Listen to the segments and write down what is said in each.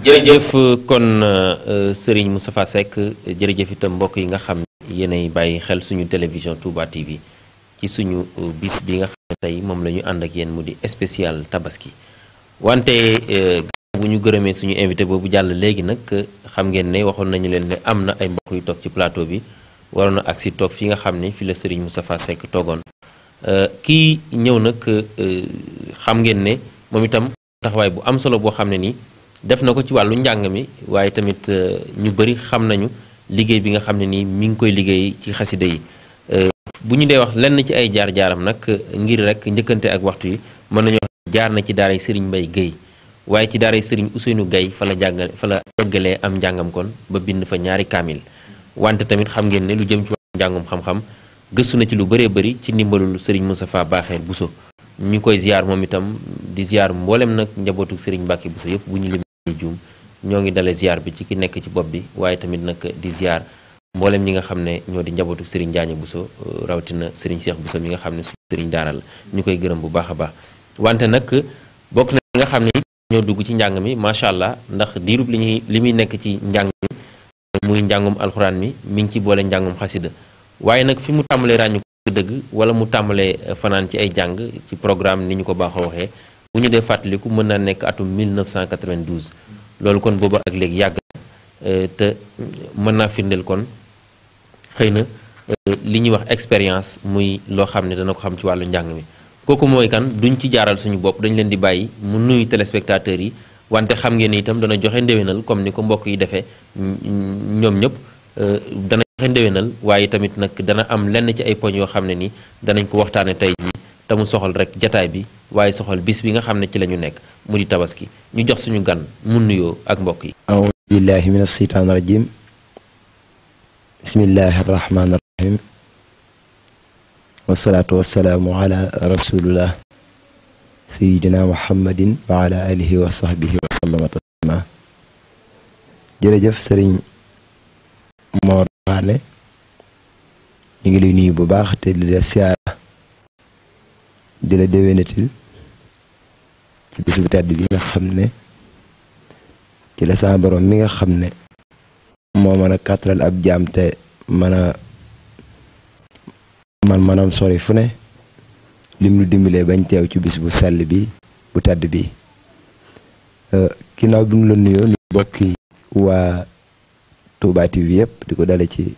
jërëjëf kon euh, Serigne Moustapha Seck jërëjëf itam mbokk yi nga xam ne yéenay bàyyi xel suñu télévision Touba TV ci suñu euh, bis bi nga xam ne tey moom la ñu ànd ak yéen mu di spécial tabaski wante euh, bu ñu gërëmee suñu invité boobu jàll léegi nag xam ngeen ne waxoon nañu leen ne am na ay mbokk yu toog ci plateau bi waroon na ak si toog fi nga xam ne fi la Serigne Moustapha Seck toogoon kii ñëw nag xam ngeen ne moom itam taxawaay bu am solo boo xam ne nii. def nako ci walu njang mi waye tamit euh, ñu bari xam nañu liggey bi nga xamni ni mi ngi koy liggey ci xasida yi euh, bu ñu dee wax lenn ci ay jaar-jaaram nak ngir rek ñeukante ak waxtu yi mën nañu jaar na ci daara Serigne mbay geey waye ci daara Serigne Ousseynou Guèye fa la jangal fa la eggalee am njàngam kon ba bind fa ñaari kamil wante tamit xam ngeen ne lu jëm ci wàllu njàngum xam-xam geussu na ci lu bëre bëri ci nimbalul Serigne Moustapha Bakhair ziar momitam di ziar mbollem nak njabotuk Serigne mbacke buso, yëpp bu ñu juum ñoo ngi dale ziar bi ci ki nekk ci bopp bi waaye tamit nag di ziar mboolem ñi nga xam ne ñoo di njabootu Serigne Njaañ Buso rawatina Serigne Cheikh Buso mi nga xam ne su Serigne daara la ñu koy gërëm bu baax a baax wante nag bokk na ñi nga xam ne ñoo dugg ci njàng mi macha allah ndax diirub li ñuy li muy nekk ci njàng mi muy njàngum alxuraan mi mi ngi ci boole njàngum xasida waaye nag fi mu tàmbalee ràññu ko dëgg wala mu tàmbalee fanaan ci ay jàng ci programme ni ko baaxoo waxee bu ñu dee fàttaliku mën naa nekk atum 1992 loolu kon booba ak léegi yàgg euh, te mën naa firndeel kon xëy na euh, li ñuy wax expérience muy loo xam ne dana ko xam ci wàllu njàng mi kooku mooy kan duñ ci jaaral suñu bopp dañ leen di bàyyi mu nuyu téléspectateurs yi wante xam ngeen ni itam dana joxe ndéwénal comme ni ko mbokk yi defee ñoom ñëpp euh, dana joxe ndéwénal waaye tamit nag dana am lenn ci ay poñ yoo xam ne ni danañ ko waxtaane tey jii te mu soxal rek jataay bi waaye soxal bis bi nga xam ne ci la ñu nekk mu di tabaski ñu jox suñu gan mu nuyoo ak mbokk yi aoudu billahi min asheytaan irajim bismillahi arrahmani irrahim wasalaatu sëriñ Mor Waane ngi lay bu baax te di la siyaar di la déwénatil ci bis bu tedd bi nga xam ne ci la saa mi nga xam ne moo mën a kàttaral ab jaam te mën man manam sori fu ne lim lu dimbalee bañ teew ci bis bu sell bi bu tedd bi euh, ginnaaw bi mu la nuyoo ñu bokki waa Touba TV yëpp di ko dale ci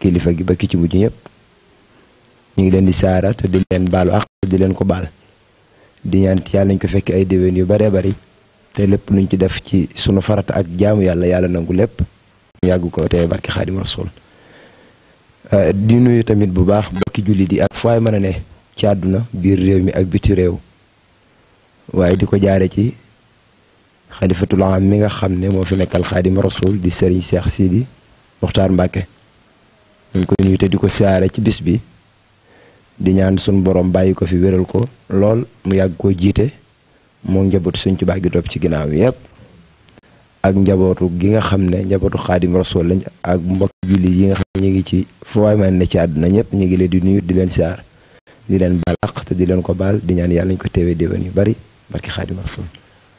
kilifa gi ba ci mujj ñëpp ñu ngi leen di saara te di leen baalu ak di leen ko baal di ñaan yàlla ñu ko fekk ay déwén yu baree bari te lépp luñ ci def ci sunu farata ak jaamu yàlla yàlla nangu lépp ñu yàgg ko te barki xaadim rasul euh, di nuyu tamit bu baax mbokki jullit yi ak fooy mën a ne ci àdduna biir réew mi ak biti réew waaye di ko jaare ci xalifatul am mi nga xam ne moo fi nekkal xaadim rasul di sëriñ Cheikh Sidi Muxtaar Mbàkke ñu ngi koy nuyu te di ko saare ci bis bi di ñaan sun borom bayiko fi wëral ko lool mu yag ko jité mo njabot suñ tubaa gi topp ci ginaaw yépp ak njabotu gi nga xamné njabotu khadim rasul lañ ak mbokk julli yi nga xamné ñi ngi ci fu man ne ci aduna ñëpp ñi ngi leen di nuyu di leen saar di leen balax te di leen ko bal di ñaan yalla ñu ko téwé déwén bari barki khadim rasul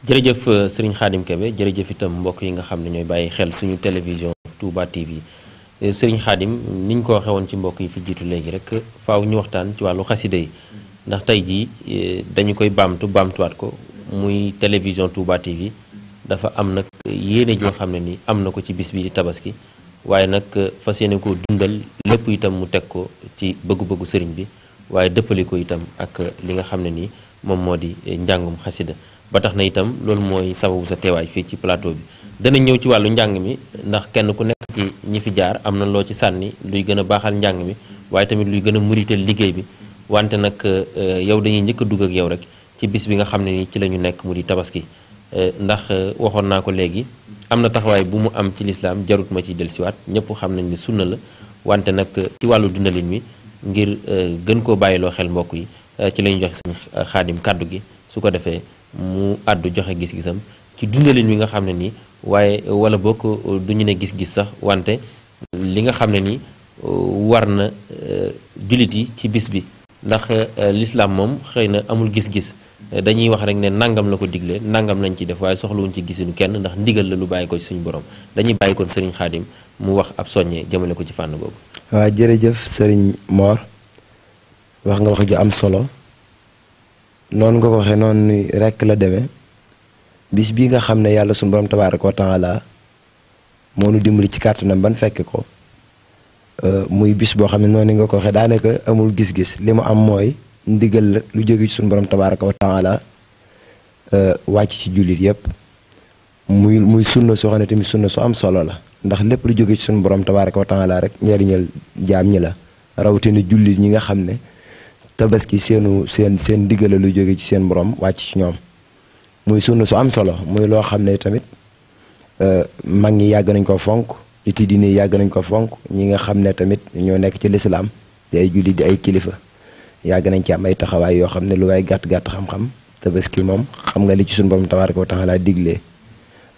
jërëjëf sëriñ khadim kebe jërëjëf itam mbokk yi nga xamné ñoy bayyi xel suñu télévision touba tv Eh, sëriñ xaadim niñ ko waxee woon ci mbokk yi fi jiitu léegi rek faw ñu waxtaan ci wàllu xasida yi ndax tey jii eh, dañu koy baamtu baamtuwaat ko muy télévision Touba TV dafa am nag yéene joo xam ne ni am na ko ci bis bi di tabaski waaye nag eh, fas yéene koo dundal lépp itam mu teg ko ci bëggu-bëggu sëriñ bi waaye dëppale ko itam ak li nga xam ne ni moom moo di njàngum xasida ba tax na itam loolu mooy sababu sa teewaay fii ci plateau bi danañ ñëw ci wàllu njàng mi ndax kenn ku nekk ci ñi fi jaar am na loo ci sànni luy gën a baaxal njàng mi waaye tamit luy gën a murital liggéey bi wante nag euh, yow dañuy njëkk dugg ak yow rek ci bis bi nga xam ne ni ci lañu nekk mu di tabaski euh, ndax euh, waxoon naa ko léegi am na taxawaay bu mu am ci lislaam jarut ma ci siwaat ñëpp xam nañ ni sunna la wante nag ci wàllu dundalin mi ngir gën koo bàyyi loo xel mbokk yi ci la ñu joxe seen xaadim kàddu gi su ko defee mu àddu joxe gis-gisam ci dundalin wi nga xam ne nii waaye wala bokk du ñu ne gis-gis sax wante li nga xam ne ni war na euh, jullit yi ci bis bi ndax euh, lislaam moom xëy na amul gis-gis dañuy wax rek ne nangam la ko digle nangam lañ ci def waaye soxlawuñ ci gisinu kenn ndax ndigal la lu bàyyi ko suñu borom dañuy bàyyi koon sëriñ xaadim mu wax ab soññe jëmale ko ci fànn boobu waaw jërëjëf sëriñ Mor wax nga wax ju am solo noonu nga ko waxee noonu rekk la demee bis bii nga xam ne yàlla suñu borom tabaaraka wa taala moo nu dimbali ci kàttanam ban fekk ko euh, muy bis boo xam ne noonu nga ko waxee daanaka amul gis-gis li mu am mooy ndigal la lu jóge ci suñu borom tabaaraka wa taala euh, wàcc ci jullit yépp muy muy sunna soo xam ne tamit sunna su am solo la ndax lépp lu jóge ci borom tabaaraka wa taala rek njariñal jaam ñi la rawatina jullit ñi nga xam ne tabaski seenu seen seen ndigal la lu jóge ci seen borom wàcc ci ñoom. muy sunna su am solo muy lo xam ne tamit euh, mag ñi yàgg nañ ko fonk niti dini yàgg nañ ko fonk ñi nga xam ne tamit ñoo nekk ci lislaam di ay julli di ay kilifa yàgg nañ ci am ay taxawaay yoo xam ne lu waay gàtt-gàtt xam-xam tabaski moom xam nga li ci suñu borom tabaaraka wa taala diglee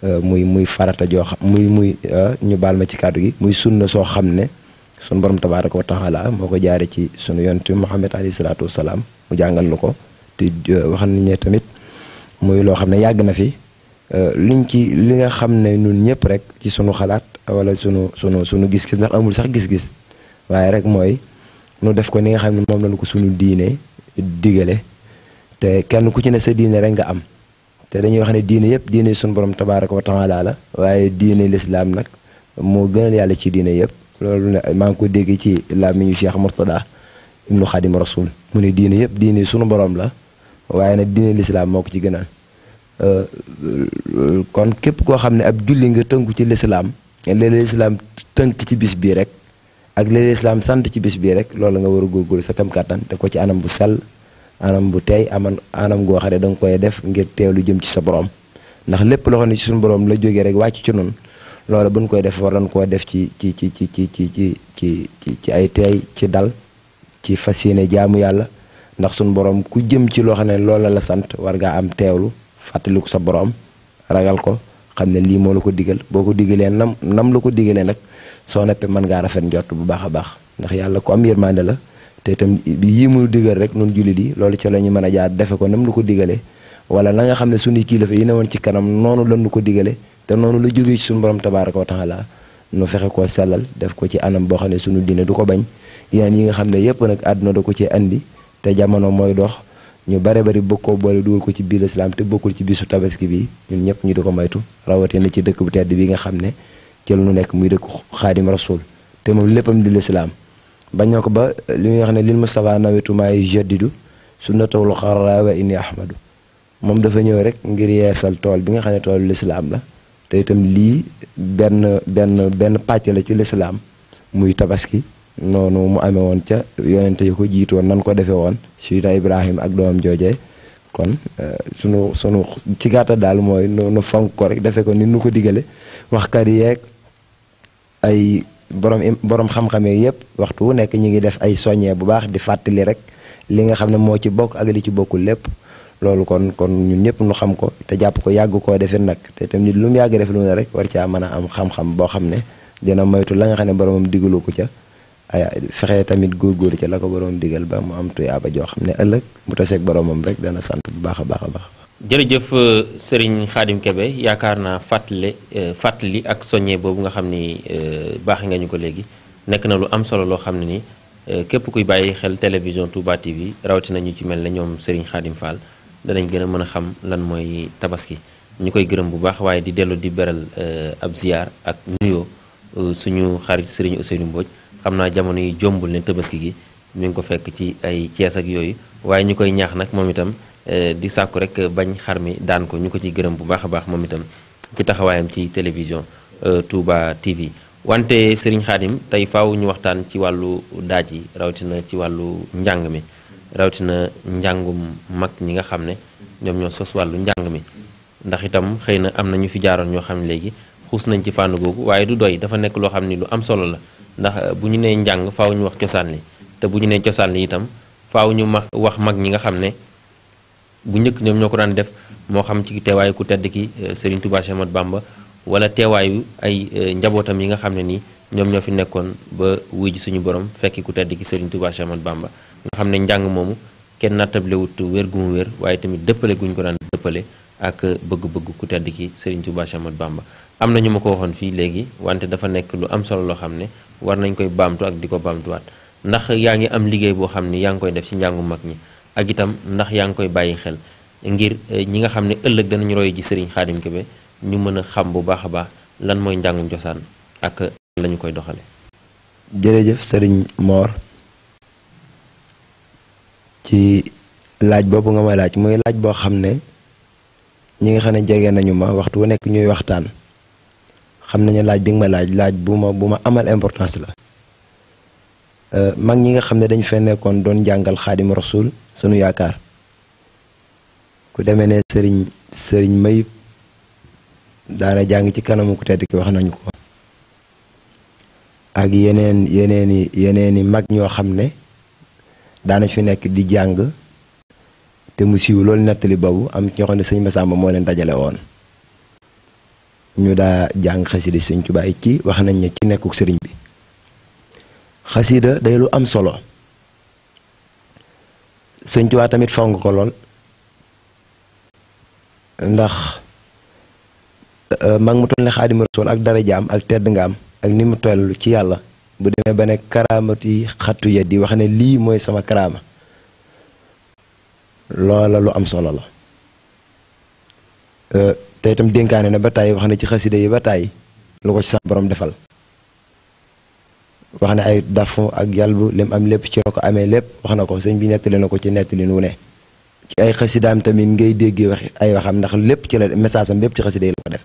euh, muy muy farata joo xam muy muy euh, ñu baal ci kàddu gi muy sunna so xam sun sunu borom tabaaraka wa taala moo jaare ci sunu yantu Muhammad Ali Salatu Salam, mu jàngal lu ko te wax nañ ne tamit muy loo xam ne yàgg na fi euh, liñ ci li nga xam ne ñun ñëpp rek ci sunu xalaat wala sunu sunu sunu gis-gis ndax amul sax gis-gis waaye rek mooy nu def ko ni nga xam ne moom lañu ko sunu diine digale te kenn ku ci ne sa diine rek nga am te dañuy wax ne diine yëpp diine sunu borom tabaaraka wa taala la waaye diine lislaam nag moo gënal yàlla ci diine yëpp loolu ne maa ngi ko dégg ci làmmiñu Cheikh Mourtada ibnu Xadim Rasul mu ne diine yëpp diine sunu borom la waaye nag diine lislaam moo ko ci gënal euh, kon képp koo xam ne ab julli nga tënku ci lislaam léeg-léeg lislaam tënk ci bis bii rek ak léeg-léeg lislaam sant ci bis bii rek loolu nga war a góorgóorlu sa kam kàttan def ko ci anam bu sel anam bu teey aman anam goo xam ne da koy def ngir teewlu jëm ci sa borom ndax lépp loo ne ci suñu boroom la jóge rek wàcc ci noonu loolu buñ koy def war nañ koo def ci ci ci ci ci ci ci ci ci ay teey ci dal ci fas yéene jaamu yàlla ndax suñu borom ku jëm ci loo xam ne loola la sant war ngaa am teewlu fàttaliku sa boroom ragal ko xam ne lii moo la ko digal boo ko digalee nam nam la ko digalee nag soo neppee mën ngaa rafet njort bu a baax ndax yàlla ku am yërmande la te itam yii mu digal rek nun jullit yi loolu ci la ñu mën a jaar defe ko nam la ko digalee wala la nga xam ne suñu kilifa yi ne woon ci kanam noonu lan nu ko digalee te noonu la jógee ci suñu borom tabaaraka wa laa nu fexe ko sellal def ko ci anam boo xam ne suñu diine du ko bañ yeneen yi nga xam ne yëpp nag àdduna da ko ci indi te jamono mooy dox ñu bare bari bëgg boole dugal ko ci biir lislaam te bokkul ci bisu tabaski bi ñun ñëpp ñu di ko moytu rawatina ci dëkk bu tedd bi nga xam ne ci lu nekk muy dëkk xaadim rasul te moom léppam di lislaam ba na ko ba li ñuy wax ne lil Mustafa nawetu maay su sunnatawul xarra wa indi ahmadu moom dafa ñëw rek ngir yeesal tool bi nga xam ne toolu lislaam la te itam lii benn benn benn pàcc la ci lislaam muy tabaski noonu mu amee woon ca yonente yi ko jiitoon nan ko defee woon suy Seydina Ibrahima ak doom joojee kon euh, sunu sunu ci gàttal daal mooy nu fonk ko rek defe ko ni nu ko digale waxkat yeeg ay borom borom xam-xame yëpp waxtu wu nekk ñu ngi def ay soñee bu baax di fàttali rek li nga xam ne moo ci bokk ak li ci bokkul lépp loolu kon kon ñun ñëpp nu xam ko te jàpp ko yàgg koo defee nag te tamit lu yàgg def lu ne rek war caa man a am xam-xam boo xam ne dina moytu la nga xam ne boromam digalu ko ca ay fexe tamit góor ci la ko borom digal ba mu am tuyaaba joo xam ne ëllëg bu taseeg boromam rek dana sant bu baax a baax a baax. jërëjëf euh, Serigne Khadim Kebe yaakaar naa fàttali euh, fàttali ak soñe boobu nga xam ni euh, baax nga ñu ko léegi nekk na lu am solo loo xam ne ni képp kuy bàyyi xel télévision Touba TV rawatina ñu ci mel ne ñoom Serigne xaadim Fall danañ gën a mën a xam lan mooy tabaski ñu koy gërëm bu baax waaye di dellu di beral ab ziar ak nuyoo suñu xarit Serigne Ousseynou Mbodj. am naa jamono yi jombul ne tabaski gi mi ngi ko fekk ci ay cees ak yooyu waaye ñu koy ñaax nag moom itam eh, di sàkku rek bañ xar mi daan ko ñu ko ci gërëm bu baax a baax moom itam ci taxawaayam ci télévision eh, Touba TV wante Serigne Khadim tey faw ñu waxtaan ci wàllu daaj yi rawatina ci wàllu njàng mi rawatina njàngum mag ñi nga xam ne ñoom ñoo sos wàllu njàng mi ndax itam xëy na am na ñu fi jaaroon ñoo xam ne léegi xuus nañ ci fànn googu waaye du doy dafa nekk loo xam ni lu am solo la ndax euh, bu ñu nee njàng faw ñu wax cosaan li te bu ñu nee cosaan li itam faw ñu ma wax mag ñi nga xam ne bu njëkk ñoom ñoo ko daan def moo xam ci teewaayu ku tedd ki euh, Serigne Touba Cheikh wala teewaayu ay euh, njabootam yi nga xam ne nii ñoom ñoo fi nekkoon ba wuy ji suñu borom fekki ku tedd ki Serigne Touba Cheikh Bamba nga xam njàng moomu kenn nattablewut wér gu mu wér waaye tamit dëppale guñ ko daan dëppale ak bëgg-bëgg ku tedd ki Serigne Touba Cheikh Bamba am na ñu ma ko waxoon fii léegi wante dafa nekk lu am solo loo xam ne war nañ koy baamtu ak di ko baamtuwaat ndax yaa ngi am liggéey boo xam ne yaa ngi koy def ci njàngu mag ñi ak itam ndax yaa ngi koy bàyyi xel ngir eh, ñi nga xam ne ëllëg danañu roy ji Serigne Khadim Kébé ñu mën a xam bu baax a baax lan mooy njàngum cosaan ak lañu koy doxale jërëjëf sëriñ Mor ci laaj boobu nga may laaj muy laaj boo xam ne ñi nga xam ne jege nañu ma waxtu wu nekk ñuy waxtaan xam nañu laaj bi nga ma laaj laaj bu ma bu ma amal importance la euh, mag ñi nga xam ne dañ fee nekkoon doon jàngal xaadim rasul sunu yaakaar ku demee ne sëriñ sëriñ mayib daana jàng ci kanamu ku tedd ki wax nañ ko ak yeneen yeneeni yeneeni mag ñoo xam ne daana fi nekk di jàng te mu siiw loolu nettali boobu am ñoo xam ne sëñ Masamba moo leen dajale woon ñu daa jang xasida sëñ Tuubaa ci wax nañ ne ci nekkuk sëriñ bi day lu am solo seigne touba tamit faw nga ko lol ndax euh, mag mu toll khadim rasoul ak dara jam ak tedd ngam ak nimu tollu ci yalla bu deme ba karamati khatu xattu wax ne li moy sama karama loola lu am solo la euh, te itam dénkaane na ba tàyyi wax na ci xasida yi ba tàyyi lu ko ci sax borom defal wax na ay dafu ak yàlbu lim am lépp ci la ko amee lépp wax na ko sëñ bi nettali na ko ci nettali wu ne ci ay xasidaam tamit ngay déggee wax ay waxam ndax lépp ci la message am lépp ci xasida yi la ko def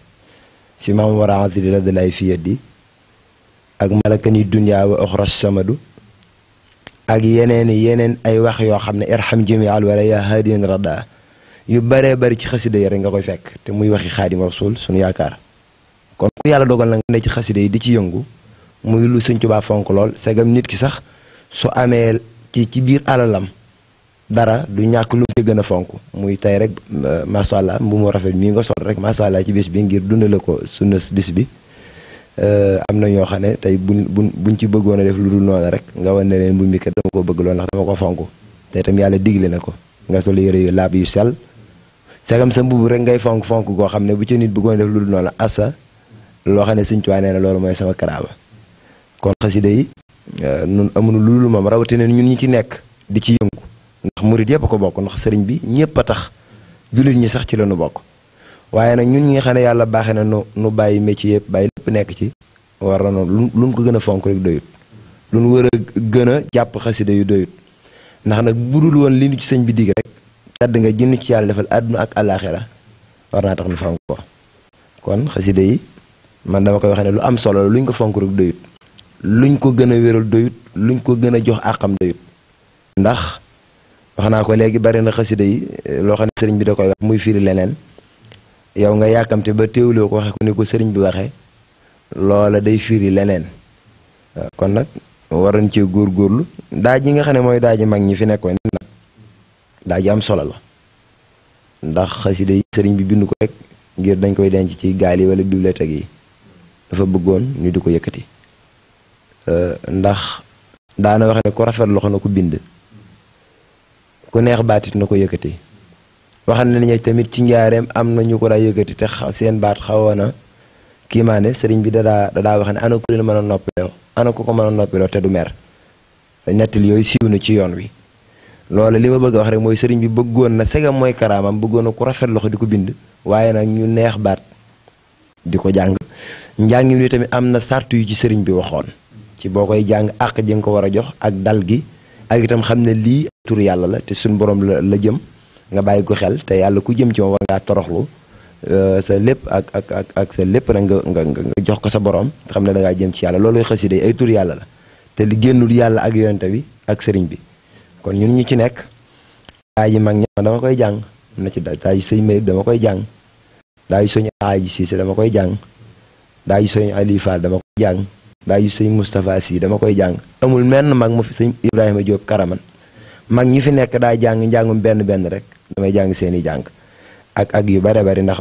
si maam war a xasida la dalay fi di ak malakani dunya wa oxras samadu ak yeneen yeneen ay wax yoo xam ne irham jamial wala yaa hadiyan rada yu bëree bari ci xasida yi rek nga koy fekk te muy waxi xaadim rasul suñu yaakaar kon ku yàlla dogal na nga ne ci xasida yi di ci yëngu muy lu sëñ Tuubaa fonk lool segam nit ki sax su amee ci ci biir alalam dara du ñàkk lu mu gën a fonk muy tey rek euh, macha allah mbu mu rafet mii nga sol rek macha allah ci bis bi ngir dundale ko sunna bis bi euh, am na ñoo xam ne tey buñ buñ buñ ci bëggoon a lu dul noonu rek nga wan ne leen mbu mi dama ko bëgg lool ndax dama ko fonk te itam yàlla digle na ko nga sol yére yu laab yu sell. segam sa mbubb rek ngay fonk fonk goo xam ne bu ci nit bëggoon def lu dul noonu asa loo xam ne Sëñ Tuubaa nee na loolu mooy sama karaama kon xasida yi euh, nun amuñu lu dul moom rawatina ñun ñi ci nekk di ci yëngu ndax murit yëpp ko bokk ndax sëriñ bi ñëpp a tax jullit ñi sax ci la ñu bokk waaye nag ñun ñi nga xam ne yàlla baaxe na nu nu bàyyi métier yëpp bàyyi lépp nekk ci war na noonu lu lu ko gën fonk rek doyut lu nu war a gën a jàpp xasida yu doyut ndax nag budul woon li ci sëñ bi dig rek tedd nga jënd ci yàlla defal àdduna ak àllaaxira war naa tax nu fonk ko kon xasida yi man dama koy waxee ne lu am solo luñ ko fonk rek doyut luñ ko gën a wéral doyut luñ ko gën a jox àqam doyut ndax wax naa ko léegi bari na xasida yi eh, loo xam ne sëriñ bi da koy wax muy firi leneen yow nga yàkkamte ba teewloo ko waxee ko ni ko sëriñ bi waxee loola day firi leneen kon nag waroon cee góorgóorlu daaj yi nga xam ne mooy daaji mag ñi fi nekkoon daa ji am solo la ndax xasida yi sëriñ bi bind ko rek ngir dañ koy denc ci gaal yi wala bibliothèque yi dafa bëggoon ñu du ko yëkkati euh, ndax daana wax ne ku rafet loxo na ku bind ku neex baatit na ko yëkkati waxal na ne tamit ci njaareem am na ñu ko daa yëkkati te seen baat xawoon na kiimaane sëriñ bi dadaa dadaa wax ne ana ku leen mën a noppiloo ana ku ko mën a noppiloo te du mer nettali yooyu siiw na ci yoon wi loolu li ma bëgg a wax rek mooy sëriñ bi bëggoon na segam mooy karaamam bëggoon na ku rafet loxo di ko bind waaye nag ñu neex baat di ko jàng njàngin wi tamit am na sart yu ci sëriñ bi waxoon ci boo koy jàng àq ji ko war a jox ak dal gi ak itam xam ne lii tur yàlla la te suñ borom la la jëm nga bàyyi ko xel te yàlla ku jëm ci moom war ngaa toroxlu euh, sa lépp ak ak ak ak sa lépp nag nga nga jox ko sa borom xam ne da jëm ci yàlla loolu xasida yi ay tur yàlla la te li génnul yàlla ak yonent bi ak sëriñ bi kon ñun ñu ci nekk daa yi mag ña dama koy jàng na ci daa yu sëñ dama koy jàng daa yu sëñ Aaji Siise dama koy jàng daa yu sëñ Aliou Fall dama koy jàng daa yu sëñ Moustapha Sy dama koy jàng amul menn mag mu fi sëñ Ibrahima jóob Karaman mag ñu fi nekk daa jàng njàngum benn benn rek damay jàng seeni jàng ak ak yu bare bari ndax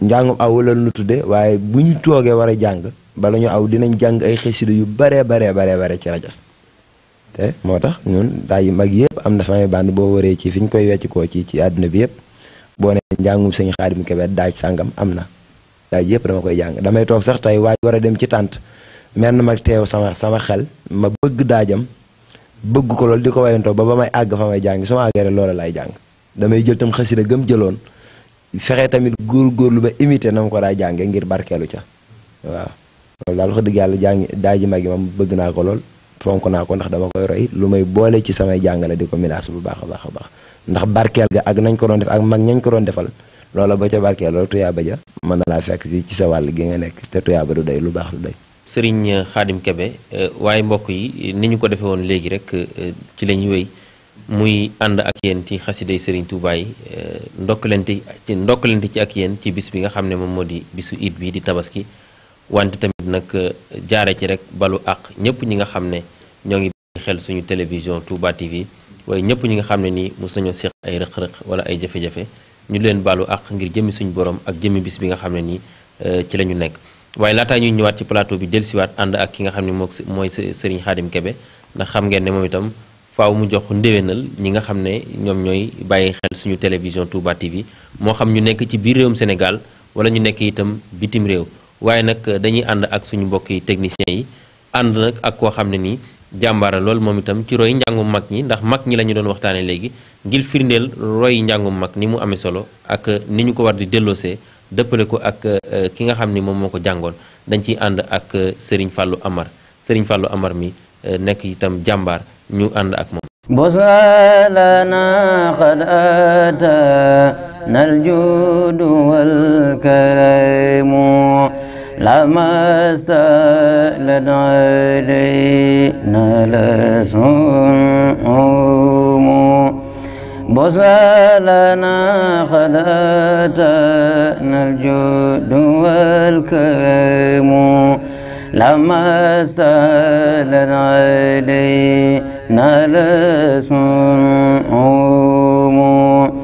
njàngum aw la nu tudde waaye bu ñu toogee war a jàng bala ñu aw dinañ jàng ay xasida yu baree baree baree bare ci rajas te moo tax ñun daay yu mag yëpp am na famille band boo waree ci fi ñu koy wecc koo ci ci àdduna bi yëpp boo ne njàngum sëñ Xaadim Kebe daaj sàngam am na daaj yépp dama koy jàng damay toog sax tey waaj war a dem ci tànt men na mag teew sama sama xel ma bëgg daajam bëgg ko loolu di ko wayantoo ba ba may àgg fa may jàng su ma àggee loola laay jàng damay jël tam xasida gëm jëloon fexe tamit góorgóorlu ba imité na ma ko daa jànge ngir barkeelu ca waaw loolu daal wax dëgg yàlla jàng daaj mag yi moom bëgg naa ko lool fonk naa ko ndax dama koy roy lu may boole ci samay jàngale di ko minaas bu baax a baax a baax ndax barkeel ga ak nañ ko doon def ak mag ñañ ko doon defal loola ba ca barkeel loolu tuyaaba ja mën na laa fekk ci sa wàll gi nga nekk te tuyaaba du doy lu baax lu doy. Sëriñ Xaadim Kebe eh, waaye mbokk yi eh, ni ñu ko defee woon léegi rek eh, ci la ñuy wéy muy ànd ak yéen ci xasiday Sëriñ Tuubaa yi ndokkalante ci ndokkalante ci ak yenn ci bis bi nga xam ne moom moo di bisu it bi di tabaski. wante tamit nag euh, jaare ci rek balu àq ñëpp ñi nga xam ne ñoo ngi xel suñu télévision Touba TV waaye ñëpp ñi nga xam ne nii mos nañoo seq ay rëq-rëq wala ay jafe-jafe ñu leen balu àq ngir jëmmi suñu borom ak jëmmi bis bi nga xam ne nii euh, ci la ñu nekk. waaye laataa ñuy ñëwaat ci plateau bi dellusiwaat ànd ak ki nga xam ne moom mooy Serigne Khadim Kebe ndax xam ngeen ne moom itam faaw mu jox ndéwénal ñi nga xam ne ñoom ñooy bàyyi xel suñu télévision Touba TV moo xam ñu nekk ci biir réewum Sénégal wala ñu nekk itam bitim réew. waaye nag euh, dañuy ànd ak suñu mbokk yi techniciens yi ànd nag ak koo xam ne nii jàmbaara loolu moom itam ci roy njàngum mag ñi ndax mag ñi la ñu doon waxtaanee léegi ngir firndeel roy njàngum mag ni mu amee solo ak euh, ni ñu ko war di delloosee dëppale ko ak euh, ki nga xam ni moom moo ko jàngoon dañ ciy ànd ak Serigne fàllu Amar Serigne fàllu Amar mi nekk itam jàmbaar ñu ànd ak moom. بسالنا قد أتانا الجود والكريم لما استألت علينا لسوم بسالنا خذتنا الجود والكرم لما استألت علينا لسوم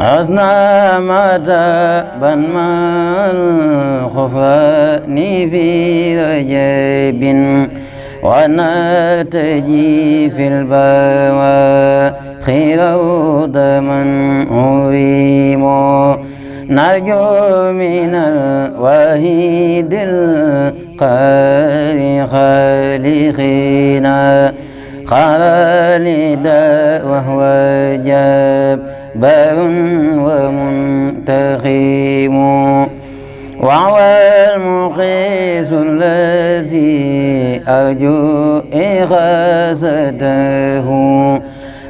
أصنع مذهبا مع الخفان في رجيب تجي في البواخر دما هريم نرجو من الوحيد القاري خالقنا خالدا وهو جبار ومنتخم وهو المقيس الذي أرجو إخاسته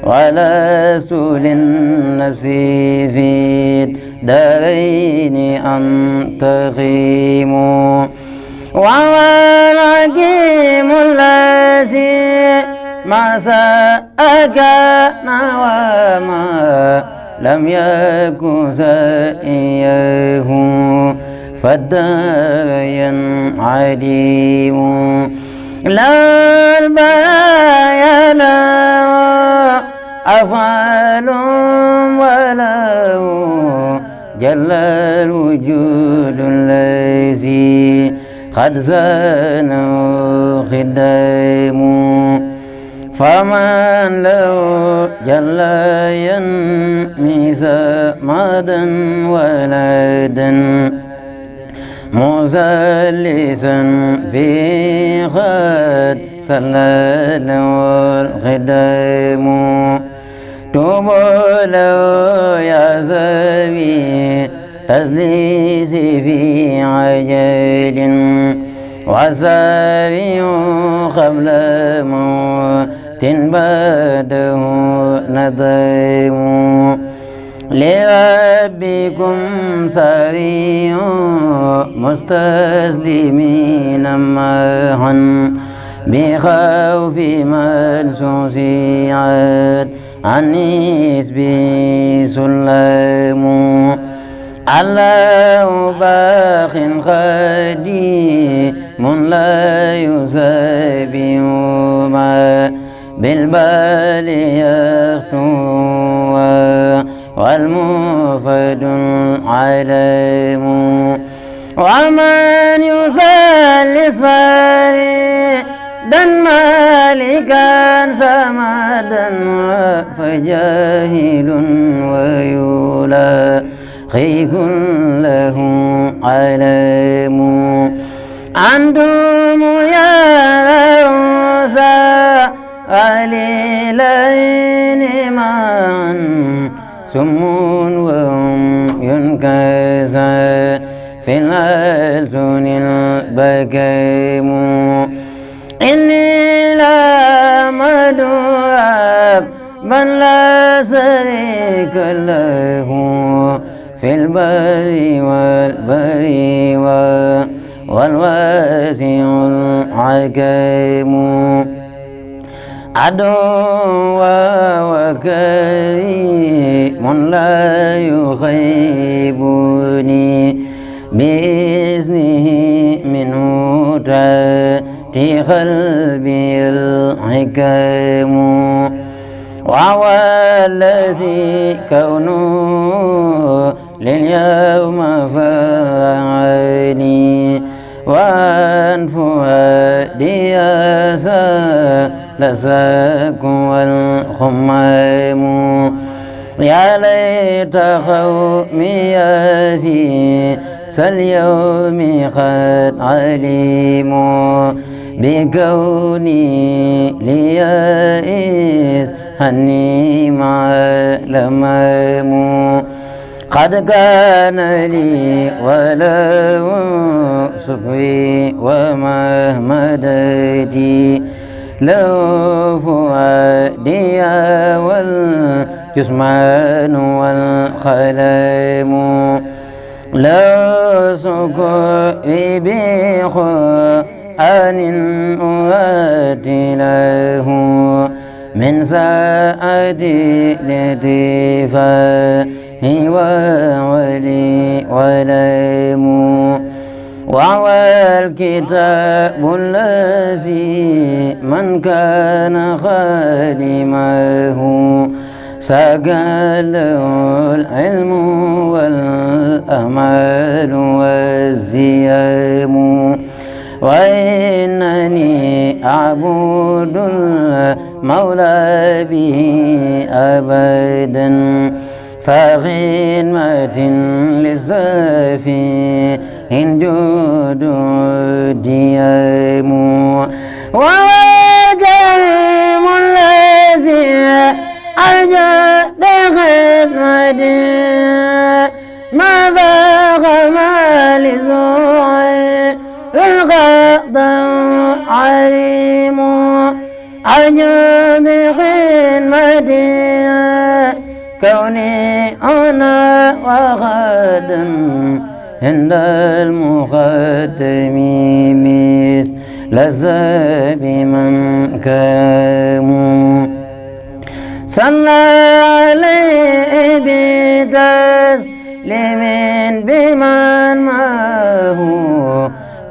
ولست للنفس في الدارين أنتخم وهو الحكيم الذي أجانا وما لم يكن زائيه فدايا عليم لا البايا لا أفعل ولا جل الوجود الذي قد زانه خدامه فمن له جل ينمي مادا ولدا مزلسا في غد سلل الخدام تبول يا زبي تزليس في عجل وسبي قبل موت بعده نظيم لربكم سريع مستسلمين معا بخوف سوسيات عن نسبي سلام الله باخ قديم لا يسابه ما بالبال يخطوى والمفيد عليم ومن يسلس دن مالكا سمدا فجاهل ويولى خيب له عليم أنتم يا علي عليلين معا سمون وهم ينكز في الألسن البكيم إني لا مدواب بل لا سريك له في البر والبر والواسع الحكيم عدو وكريم لا يخيبني بإذنه من تأتي قلبي الحكام وهو الذي كونه لليوم فعلي وأنفها دياسا الدساك والخمام يا ليت قومي في سليوم قد عليم بكوني ليائس هني مع الأمام قد كان لي ولا ومهما ومهمدتي له فؤادي والجسمان والخلام لا سكري بقرآن أوات له من سعدي لطيفه ولي وليم وهو الكتاب الذي من كان خادمه سجله العلم والأمال والزيام وإنني أعبد المولى به أبدا مات للزفير إن جود ديام وورقام الذي أرجى بخدمة ما بغى مال زوعي الغضب عليم أرجى بخدمة كوني أنا وغدا عند المقدم مثل من كانوا صلى عليه بدس لمن بمن معه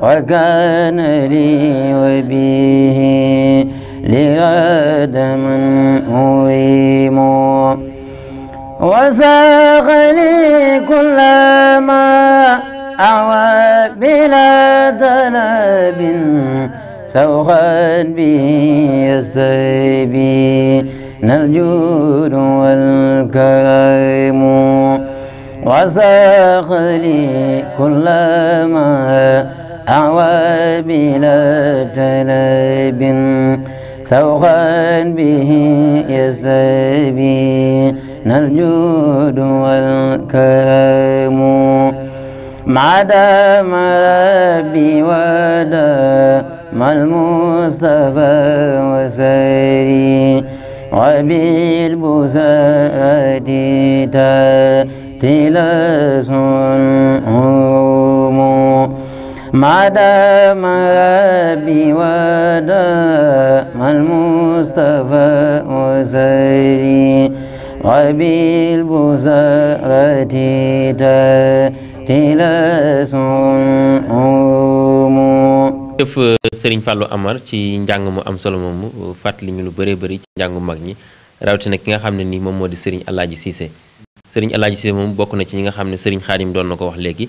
وكان لي وبه لغد من أريمه وساق لي كل ما أعوى بلا طلب سوغا به يستبين الجود والكرم وساق لي كل ما أعوى بلا طلب سوغا به يستبين الجود والكرم مع دام ربي ودام المصطفى وسيري وبالبساءة تلاس الهموم مع دام ربي ودام المصطفى وسيري وبالبزارة تتلس jëf Serigne Fallou Amar ci njàng mu am solo moomu fàttali ñu lu bëree bëri ci njàngu mag ñi rawatina ki nga xam ne ni moom moo di Serigne Alaaji Cissé Serigne Alaaji Cissé moom bokk na ci ñi nga xam ne Serigne mu doon na ko wax léegi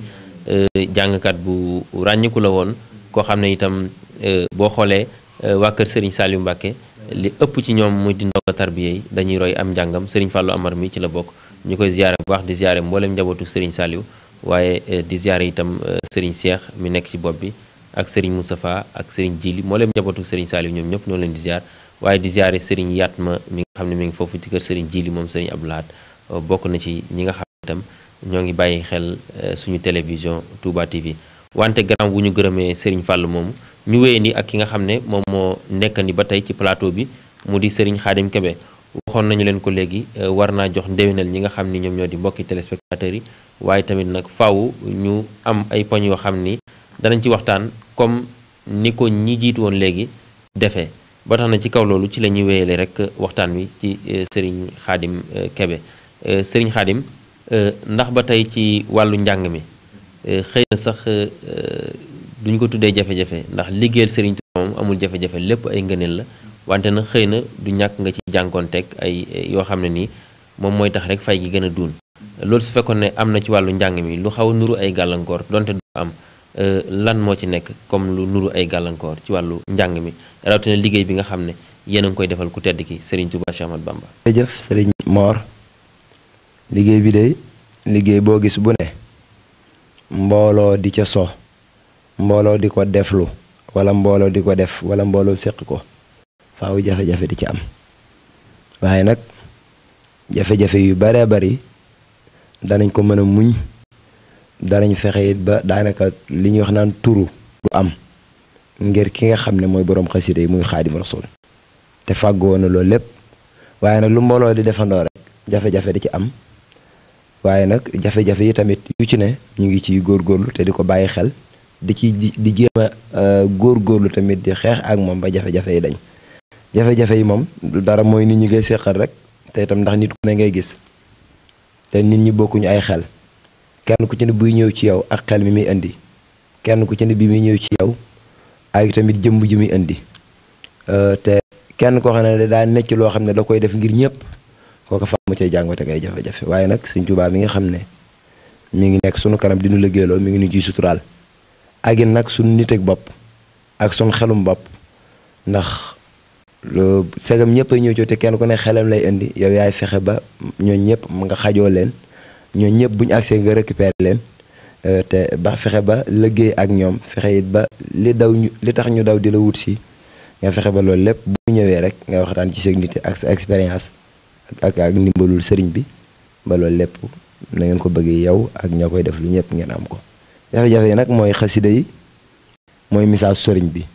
euh, jàngkat bu ràññiku la woon koo xam ne itam euh, boo xoolee euh, waa kër Serigne Saliou Mbacké li ëpp ci ñoom muy di ndongo tarbiya yi dañuy roy am njàngam Serigne Fallou Amar mi ci la bokk ñu koy ziyaare bu baax di ziyaare mboolem njabootu Serigne Saliou eh, di ziyaare itam eh, Serigne Cheikh mi nekk ci bopp bi ak Serigne Moustapha ak Serigne Djili mboolem njabootu Serigne Saliou ñoom ñëpp noonu leen di ziyaar waaye di ziyaare yaat Yatma mi nga xam ne mi ngi foofu ci kër Serigne Djili moom Serigne Abdou Lahad oh, bokk na ci ñi nga xam ne itam ñoo ngi bàyyi xel eh, suñu télévision Touba TV wante gannaaw bu ñu gërëmee Serigne fàll moomu ñu wéyee ni ak ki nga xam ne moom moo nekk ni ba tey ci plateau bi mu di Serigne xaadim Kebe waxoon nañu leen ko léegi euh, war naa jox ndéwénal ñi nga xam ni ñoom ñoo di mbokki téléspectateurs yi waaye tamit nag faaw ñu am ay poñ yoo xam ni danañ ci waxtaan comme ni ko ñi jiit woon léegi defe ba tax na ci kaw loolu ci la ñuy wéyale rek waxtaan wi ci Serigne xaadim Kebe Serigne Khadim euh, euh, ndax ba tey ci wàllu njàng mi xëy na sax duñ ko tuddee jafe-jafe ndax liggéeyal Serigne Touba moom amul jafe lépp ay ngëneel la wante na xëy na du ñàkk nga ci jànkoonteeg ay yoo xam ne nii moom mooy tax rek fay gi gën a duun loolu su fekkoon ne am na ci wàllu njàng mi lu xaw nuru ay gàllankoor donte du am euh, lan moo ci nekk comme lu nuru ay gàllankoor ci wàllu njàng mi rawatina liggéey bi nga xam ne yéen a ngi koy defal ku tedd ki Serigne Touba Cheikh Ahmadou Bamba. jërëjëf Serigne Mor liggéey bi de liggéey boo gis bu ne mbooloo di ca so mbooloo di ko deflu wala mbooloo di ko def wala mbooloo séq ko faaw jafe-jafe di ci am waaye nag jafe-jafe yu baree bari danañ ko mën a muñ danañ fexe it ba daanaka li ñuy wax naan turu du am ngir ki nga xam ne mooy boroom xasida yi muy xaadim rasul te fàggoo na loolu lépp waaye nag lu mbooloo di defandoo rek di ci am waaye nag jafe yi tamit yu ci ne ñu ngi ciy góorgóorlu te di ko bàyyi xel di ci di jéem euh, góor góorlu tamit di xeex ak moom ba jafe-jafe yi dañ jafe-jafe yi moom du dara mooy nit ñi ngay séqal rek te itam ndax nit ku ne ngay gis te nit ñi bokkuñu ay xel kenn ku ci ne buy ñëw ci yow ak xel mi muy indi kenn ku ci ne bi muy ñëw ci yow ak tamit jëmb ji muy indi euh, te kenn koo xam ne daa nekk loo xam ne da koy def ngir ñëpp kooku fa mu cay jàngote ngay jafe-jafe waaye nag suñ Tuubaa mi nga xam ne mi ngi nekk sunu kanam di nu liggéeyloo mi ngi nu ciy suturaal. agi nag suñ niteeg bopp ak suñ xelum bopp ndax lu segam ñëpp ñëw ci te kenn ku ne xelam lay indi yow yaay fexe ba ñooñ ñëpp nga xajoo leen ñooñ ñëpp bu ñu agsee nga récupérer leen euh, te ba fexe ba liggéey ak ñoom fexe it ba li daw ñu li tax ñu daw di la wut si nga fexe ba loolu lépp bu ñëwee rek nga waxtaan ci sécurité ak sa expérience ak ak ndimbalul sëriñ bi ba loolu lépp na ngeen ko bëggee yow ak ñoo koy def lu ñëpp ngeen am ko jafe-jafe yi nag mooy xasida yi mooy message sëriñ bi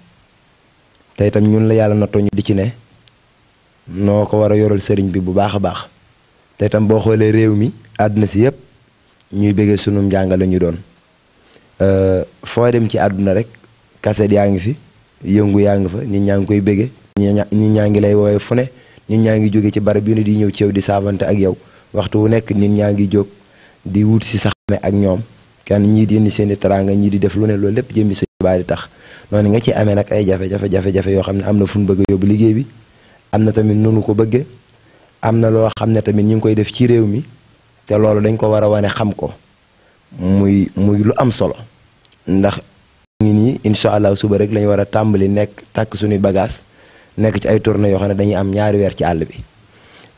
te ñun la yàlla nattoo ñu di ci ne noo ko war a yoral sëriñ bi bu baax a baax te boo xoolee réew mi àdduna si yépp ñuy bëggee sunum njàngale ñu doon euh, foo dem ci àdduna rek kaset yaa ngi fi yëngu yaa ngi fa nit ñaa ngi koy bëggee ñi ñaa ngi lay woowee fu ne nit ñaa ngi jóge ci barab yu ne di ñëw ci di saafante ak yow waxtu wu nekk nit ñaa ngi jóg di wut si saxame ak ñoom kenn ñii di indi seen i ñii di def lu ne loolu lépp jëmmi sëñ Tuubaa di tax noonu nga ci amee nag ay jafe-jafe jafe xam ne am na fu bëgg a am na tamit nunu ko bëggee am na loo xam ne tamit ñu ngi koy def ci réew mi te loolu dañ ko war a wane xam ko muy muy lu am solo ndax ñu ngi incha allah suba rek la war a tàmbali nekk tàkk suñuy bagage nekk ci ay tournée yoo xam ne dañuy am ñaari weer ci àll bi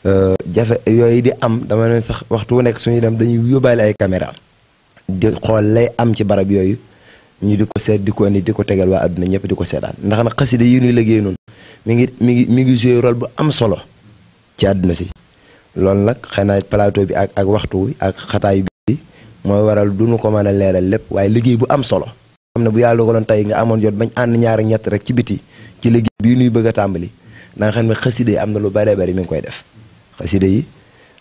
euh, jafe yooyu di am dama ne sax waxtu wu nekk suñuy dem dañuy yóbbaale ay caméra di xool lay am ci barab yooyu ñu di ko seet di ko indi di ko tegal waa àdduna ñëpp di ko seetaan ndax nag xasida yi ñuy liggéey noonu mi ngi mi ngi mi ngi joué rol bu am solo ci àdduna si loolu nag xëy na palaato bi ak ak waxtu ak xataay bi mooy waral du ñu ko mën a leeral lépp waaye liggéey bu am solo am na bu yàlla dogaloon tey nga amoon jot bañ ànd ñaar ak ñett rek ci biti ci liggéey bii nuy bëgg a tàmbali ndax xam ne xasida yi am na lu bare bari mi ngi koy def xasida yi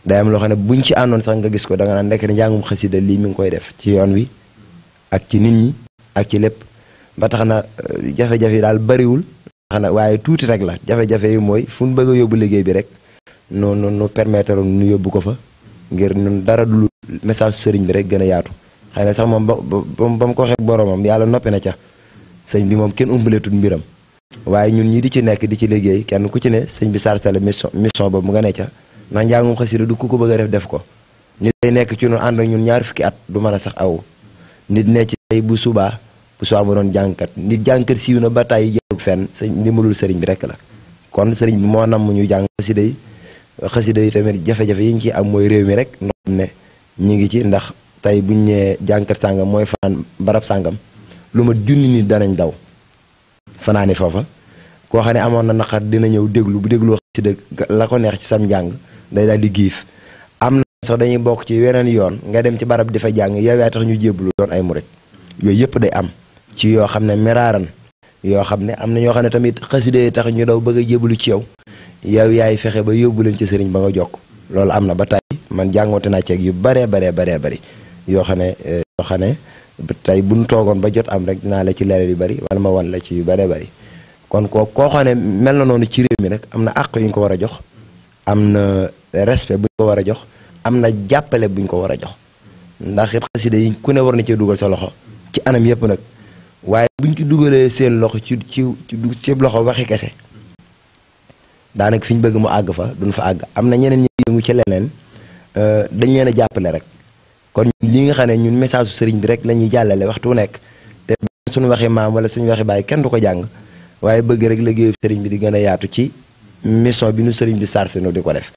day am loo xam ne buñ ci àndoon sax nga gis ko danga nga naan nekk ne njàngum xasida lii mi ngi koy def ci yoon wi ak ci nit ñi ak ci lépp ba tax na euh, jafe-jafe yi daal bariwul. tax na waaye tuuti rek la jafe yi mooy fu ñu bëgg a yóbbu liggéey bi rek noonu nu permettre nu yóbbu ko fa ngir nun dara dul message sëriñ bi rek gën a yaatu xëy na sax moom ba ba mu ko waxee boromam yàlla noppi na ca sëñ bi moom kenn umbaleetul mbiram waaye ñun ñi di ci nekk di ci liggéey kenn ku ci ne sëñ bi sarsale mission mission boobu nga ne ca ndax njàngum xasida du ku ko bëgg def def ko nit day nekk ci ñun ànd ak ñun ñaari fukki at du mën a sax aw nit ne ci tey bu subaa bu subaa mu doon jàngkat nit jàngkat siiw na ba tàyyi jëlug fenn sa ndimbalul sëriñ bi rek la kon sëriñ bi moo namm ñu jàng xasida yi xasida yi tamit jafe-jafe yi ñu ciy am mooy réew mi rek noo xam ne ñu ngi ci ndax tey buñ ñee jàngkat sàngam mooy fanaan barab sàngam lu mat junni nit danañ daw fanaani foofa koo xam ne amoon na naqar dina ñëw déglu bu dégloo xasida la ko neex ci sam njàng day daal di giif am na sax dañuy bokk ci weneen yoon nga dem ci barab di fa jàng yow yaa tax ñu jébblu doon ay murit yooyu yëpp day am ci yoo xam ne meraaran yoo xam ne am na ñoo xam ne tamit xaside tax ñu daw bëgg a jébbalu ci yow yow yaay fexe ba yóbbu leen ci sëriñ ba jokk loolu am na ba tey man jàngoonte naa ceeg yu baree baree baree bëri yoo xam ne eh, yoo xam tey buñ toogoon ba jot am rek dinaa la ci leeral yu bari wala ma wan la ci yu baree bëri kon ko koo xam ne mel na noonu ci réew mi rek am na àq yu ñu ko war a jox am na respet buñ ko war a jox am na jàppale buñ ko war a jox ndax it xasida yi ku ne war na cee dugal sa loxo ci anam yëpp nag waaye buñ ko dugalee seen loxo ci ci ci loxo waxi kese daanaka fi ñu bëgg mu àgg fa duñ fa àgg am na ñeneen ñi yëngu ci leneen euh, dañ leen jàppale rek kon li nga xam ne ñun message su sëriñ bi rek la ñuy jàllale waxtu nekk te suñu waxi maam wala suñu waxi baay kenn du ko jàng waaye bëgg rek liggéeyu sëriñ bi di gën a yaatu ci mission bi nu sëriñ bi sarse nu di ko def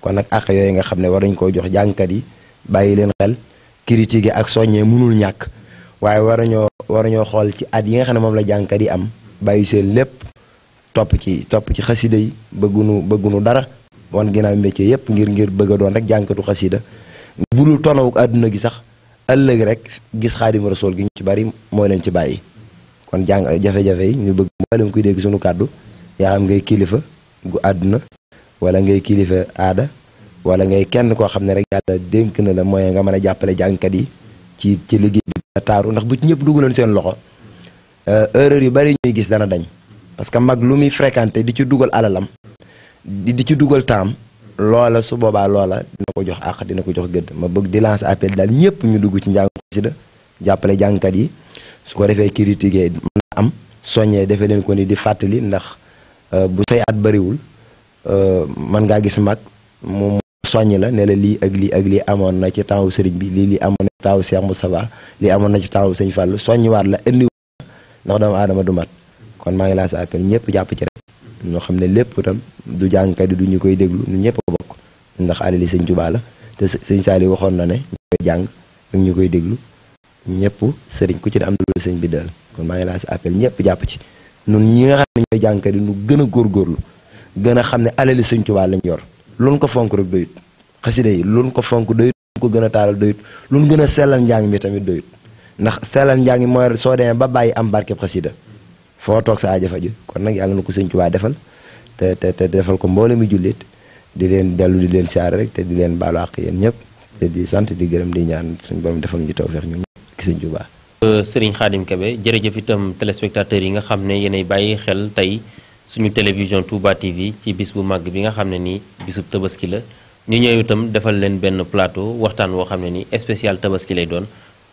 kon nag ak yooyu nga xam ne war nañ koo jox jàngkat yi bàyyi leen xel critique ak soññee mënul ñàkk waaye war nañoo war ci at yi nga la yi am bayi seen lépp topp ci topp ci xasida yi bëggunu bëggunu dara wan ginnaaw métier yépp ngir ngir bëgg a doon rek jànkatu xasida bu dul tonawuk gi sax rek gis xaadim rasool gi ñu ci bari moo leen ci bàyyi kon jàng jafe-jafe yi ñu bëgg mboolem kuy dégg sunu kàddu yaa xam ngay kilifa gu àdduna wala ngay kilifa aada wala ngay kenn koo xam rek yàlla dénk na la moyen nga mën a jàppale jàngkat ci ci bi taaru ndax bu ci ñëpp dugaloon seen loxo euh, erreur yu bari ñuy gis dana dañ parce que mag lu fréquenté di ci dugal alalam di ci dugal tam loola su boobaa loola dina ko jox àq dina ko jox gëdd ma bëgg di lancer appel daal ñëpp ñu dugg ci njàng xasida jàppale jàngkat yi su ko defee critiquer am soññee defee leen ko ni di fàttali ndax Euh, bu say at bariwul euh, man ngaa gis mag moom soññ la ne la lii ak lii ak lii amoon na ci temps sëriñ bi lii lii amoon na ci temps Cheikh Moustapha lii amoon na ci temps sëñ soññiwaat la indi ndax doomu aadama du mat kon maa ngi laa sa appel ñëpp jàpp ci rek ñoo xam ne lépp itam du jàngkat yi du ñu koy déglu ñu ñëpp ko bokk ndax alali la te sëñ Saali waxoon na ne ñu koy ñu koy déglu ñëpp sëriñ ku ci am na loolu sëñ bi dal kon maa ngi laa sa appel ñëpp jàpp ci nun ñu nga xam ne ñooy jàngkat yi nu gën a góorgóorlu gën a xam ne alali sëñ Tuubaa lañ yor loolu ko fonk rek doyut xasida yi loolu ko fonk doyut ko gën a taaral doyut loolu gën a sellal njàng mi tamit doyut ndax sellal njàng mi mooy soo demee ba bàyyi am barkeb xasida foo toog sa aajo faju kon nag yàlla na ko sëñ Tuubaa defal te te te defal ko mboole mi jullit di leen dellu di leen siyaare rek te di leen baalu àq yéen ñëpp te di sant di gërëm di ñaan suñ borom defal ñu tawfeex ñun ñëpp Sëriñ Xaadim Kebe jërëjëf itam téléspectateurs yi nga xam ne yéenay bàyyi xel tey suñu télévision Touba TV ci bis bu màgg bi nga xam ne nii bisub tabaski la ñu ñëw itam defal leen benn plateau waxtaan woo xam ne nii spécial tabaski lay doon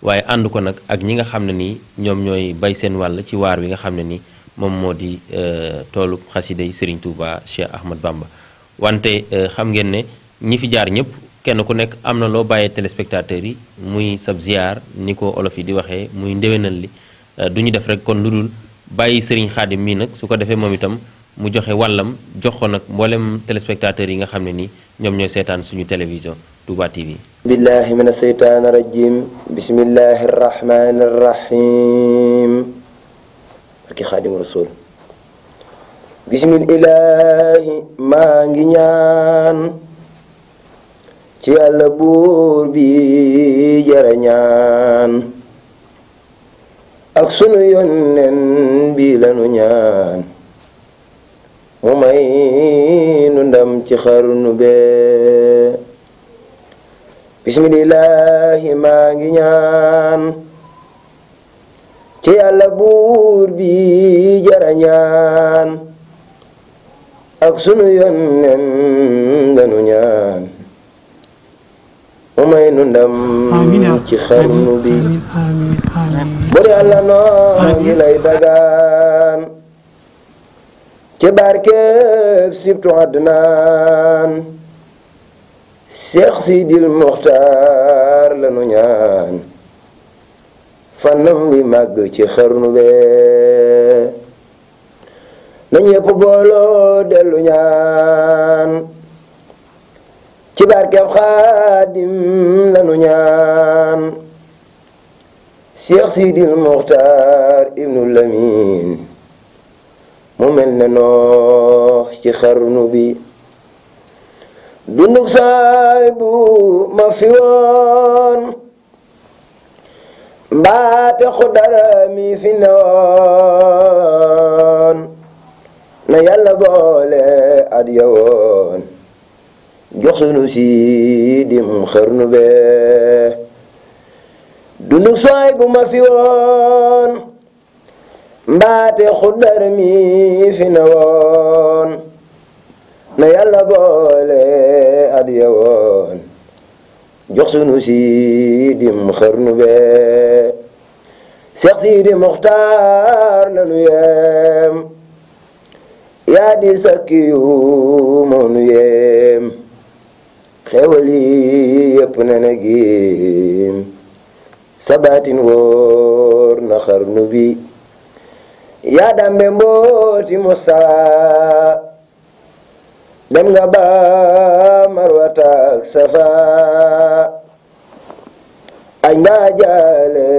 waaye ànd ko nag ak ñi nga xam ne nii ñoom ñooy bay seen wàll ci waar wi nga xam ne nii moom moo di euh, toolu xasida yi Sëriñ Touba Cheikh Ahmad Bamba wante euh, xam ngeen ne ñi fi jaar ñëpp. kenn ku nekk am na loo bàyyee téléspectateurs yi muy sab ziar ni ko olof yi di waxee muy ndéwénal li euh, du ñu def rek kon lu dul bàyyi sëriñ xaadim mii nag su ko defee moom itam mu joxe wàllam jox ko nag mboolem téléspectateurs yi nga xam ne ni ñoom ñooy seetaan suñu télévision Touba TV billahi min aseytaan rajim bismillahi arrahmani arrahim barki xaadim rasul bismillahi maa ngi ñaan ci yàlla buur bi jara ñaan ak sunu yonnen bi lanu ñaan mu may nu ndam ci xarnu bee bismillaahi maa ngi ñaan ci yàlla buur bi jara ñaan ak sunu yonnen lanu ñaan mu may nu ndam ci xarnu bi bur yàlla noo ngi lay dagaan ci barkeeb sibtu adnaan seex sidil muxtaar lanu ñaan fanam wi màgg ci xarnu bee na ñépp booloo dellu ñaan ci barkeb xaadim lanu ñaan Cheikh Sidil Muxtaar ibnu Lamin mu mel ne noox ci xarnu bi dunduk saay ma fi woon mbaate xudara mi fi newoon na yàlla boole at woon joxsunu siidim xërnu bee dundug sooy bu ma fi woon mbaate xuddar mi fi na woon na yàlla boole at ya woon joxsunu siidim xërnu bee seex siidi muxtaar lanu yeem yaa di sakkiyu moonu yeem xewal yi yëpp na na giim sabaatin wóor na xarnu bi yaa dambe mbooti Musaa dem nga ba marwata ak safa añ nga jaale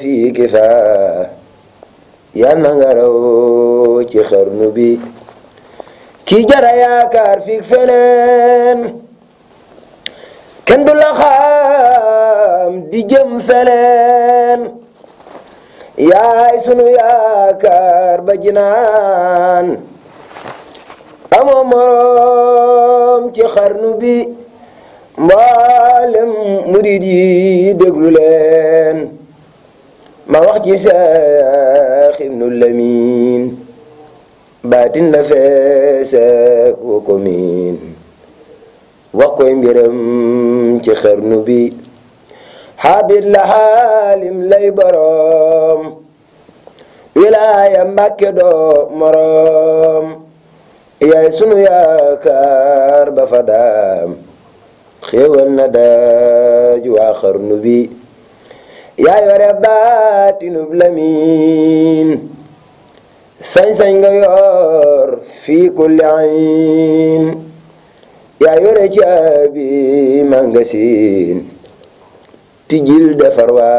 fii kifa yal na nga raw ci xarnu bi ki jara yaakaar fik feleen kenn du la xam di jëm feneen yaay sunu yaakaar ba jinaan amoo morom ci xarnu bi mboolem murid yi déglu leen ma wax ci Seex Ibnu Lamin baatin la feeseek wa komin wax koy ci xarnu bi xabit la xaalim lay boroom wilaaya mbàkke doo moroom yaay sunu yaakaar ba fa daam xéewal na daaj waa xarnu bi yaa yore baatinub lamiin sañ-sañ nga yor fii kulli ayn ya yore caabi mangasin tijil da farwa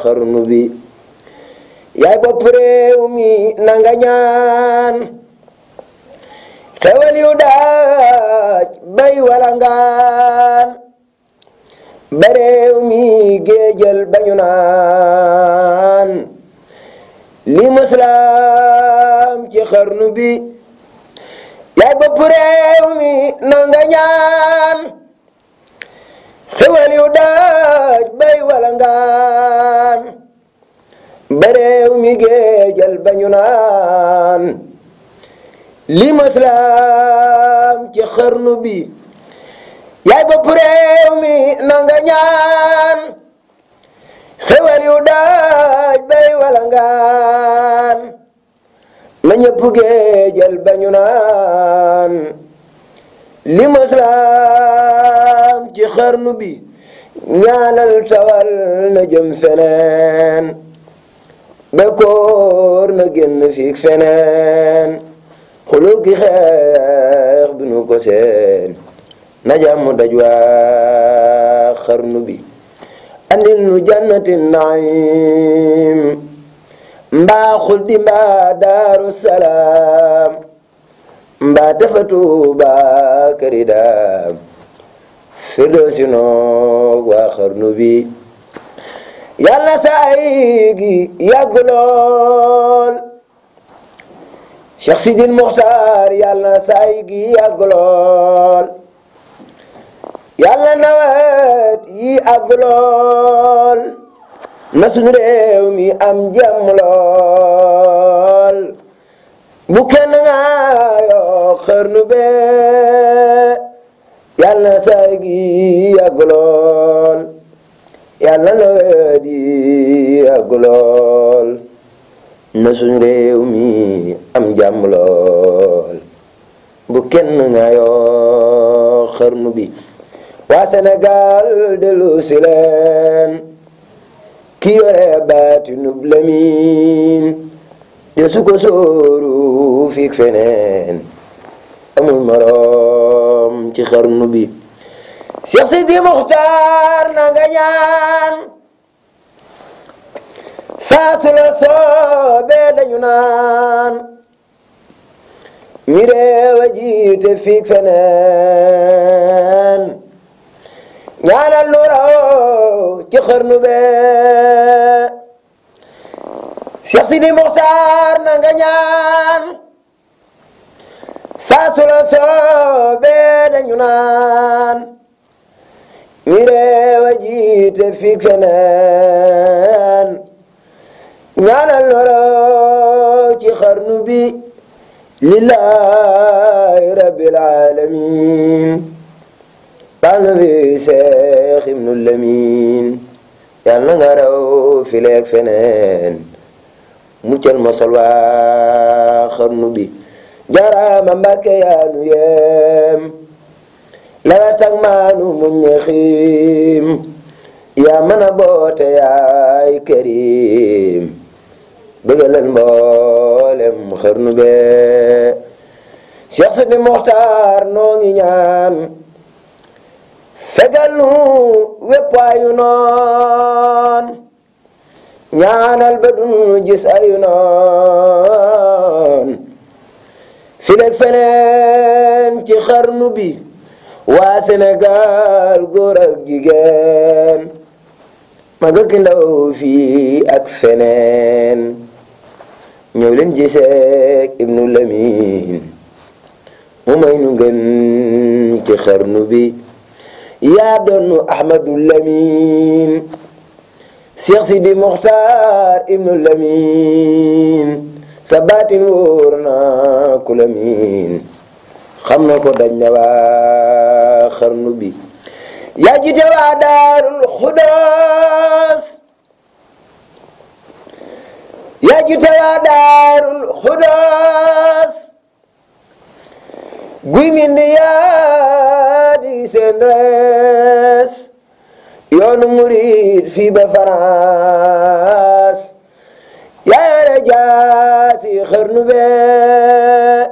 kharnubi ya yaay bopp réew mi nanga bay walangan bare umi gejal ci kharnubi yaay bopp réew mi nanga ñaan xewal yu daaj bay wala ngaan mi géejal bañu naan maslaam ci xarnu bi yaay bopp réew mi nanga ñaan xewal yu daaj bay wala ma ñëpp gee jël bañu naan li maslaam ci xarnu bi ñaanal tawal na jëm feneen bekkoor na génn fiig feneen xulub gi xeex seen na jàmm daj waa xarnu bi andil nu jannatin naim mbaa xuldi mbaa daaru salaam mbaa dafa tuuba karidaam firdawsi noog waa xarnu bi yàlla sa ay gi yàgg lool yàlla sa yi àgg lool na suñu mi am jàmm lool bu kenn nga yoo xërnu bee yàlla na say gi yàgg yàlla na weet yi yàgg na suñu mi am jàmm lool bu kenn nga yoo xërnu bi waa Sénégal dellu si leen ki yore baatinub lamiin desu ko sóoru fiig feneen amul moroom ci xarnu bi Cheikh Sidi Muxtaar na nga saa su la soobee dañu naan mi réew a jiite feneen ñaanal nu ci xarnu bee Cheikh Sidi Muxtaar na ñaan saa su la soobee dañu naan mi réew a jiite fii ñaanal nu ci xarnu bi lillahi rabbil alamin baal na fi Seex Ibnu Lamin yàlla na nga raw fileeg feneen muccal mosal waa xarnu bi jaraama Mbàkke yaa nu yem lewet ak maanu muñ ñi xiim yaa mën a boote yaay kërim bëggaleen mboolem xarnu be Seex Sidi Muxtaar noo ngi fegal nu wépp ayu noon ñaanal ba dunu gis ayu noon feneen ci xarnu bi waa Sénégal góor ak jigéen mag ak ndaw fii ak feneen ñëw leen giseek ibnu Lamin mu may nu gën ci xarnu bi yaa doonu Ahmadul Lamin Cheikh Sidi Mokhtar Ibnul Lamin sa baatin wóor na ku lamin xam na ko dañ na waa xarnu bi yaa jiite waa daarul xudoos yaa guymindi yaa di seen rees yoonu murid fii ba faraas yaa yore jaasi xërnu bee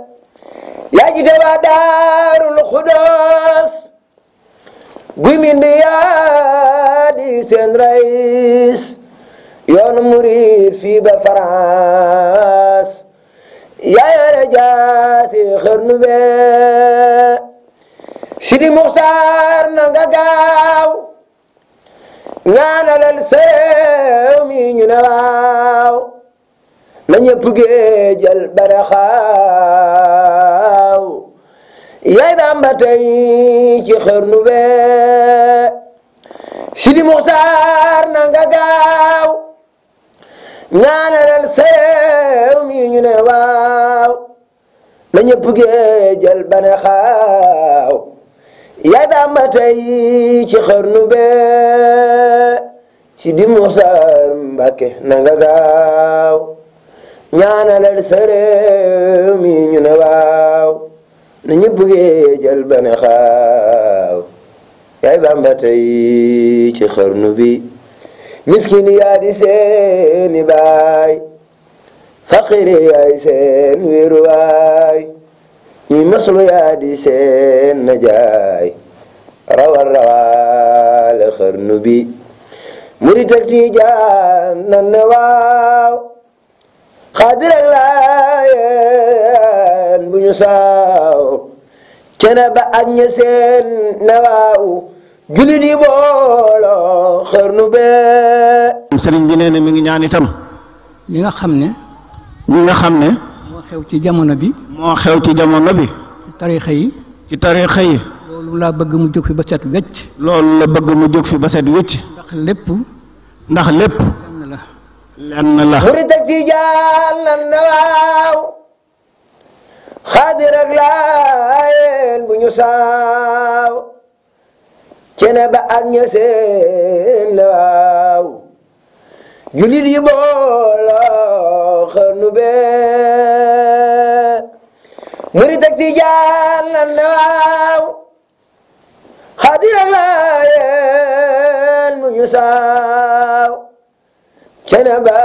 yaa jite ba daarul xudoos guymindi yaa di seen rees yoonu murid fii ba yaa yore jaasi xërnu bee Sidi Muxtaar na nga gaaw ñaanalal séew mi ñu ne waaw na ñëpp géejal baraxaaw yaay Bamba tey ci xërnu bee Sidi Muxtaar ñaanalal sa réew mi ñu ne waaw la ñëpp géejal ba ne xaaw yaay Bàmba tey ci xarnu bee si di Muxtaar Mbàkke na nga gaaw ñaanalal sa réew mi ñu ne waaw na ñëpp géejal ba ne xaaw yaay Bàmba ci xarnu bi miskin yaa di seeni baay faqiri yaay seen wéeruwaay ñuy maslu yaa di seen najaay rawal rawaale xarnu bi murit ak tijaan nan ne waaw xaadir ak laayeen bu ñu saaw cene ba ak ña seen ne waaw jullit yi booloo xarnu bee. sëriñ bi nee na mi ngi ñaan itam. li nga xam ne. li nga xam ne. moo xew ci jamono bi. moo xew ci jamono bi. ci tariixa yi. ci tariixa yi. loolu laa bëgg mu jóg fi ba set wecc. loolu la bëgg mu jóg fi ba set wecc. ndax lépp. ndax lépp. lenn la. lenn la. murit ak tijaan nan na waaw. xaadir ak laayeen bu ñu saaw. cene ba ak ña seen la waaw julit yi booloo xarnu bee murit ak tijaan lan la waaw xaadir ak laayeen mu ñu saaw ba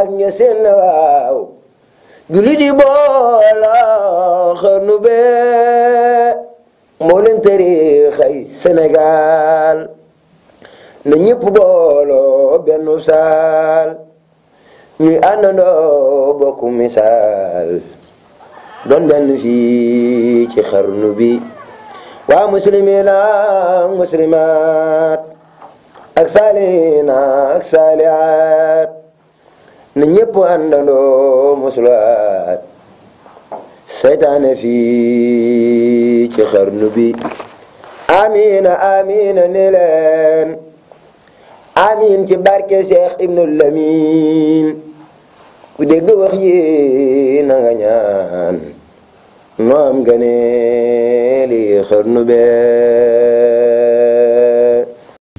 ak ña seen la waaw julit yi booloo bee mboolem tariixa yi Sénégal na ñëpp booloo benn saal ñuy àndandoo bokk misaal doon benn fii ci xarnu bi waa muslimina muslimaat ak saalina ak saaliaat na ñëpp àndandoo seytaane fii ci xarnu bi amiina amiina ni leen amiin ci barke Cheikh Ibnu Lamin ku dégg wax yi na nga ñaan noo am gëneeli xarnu bee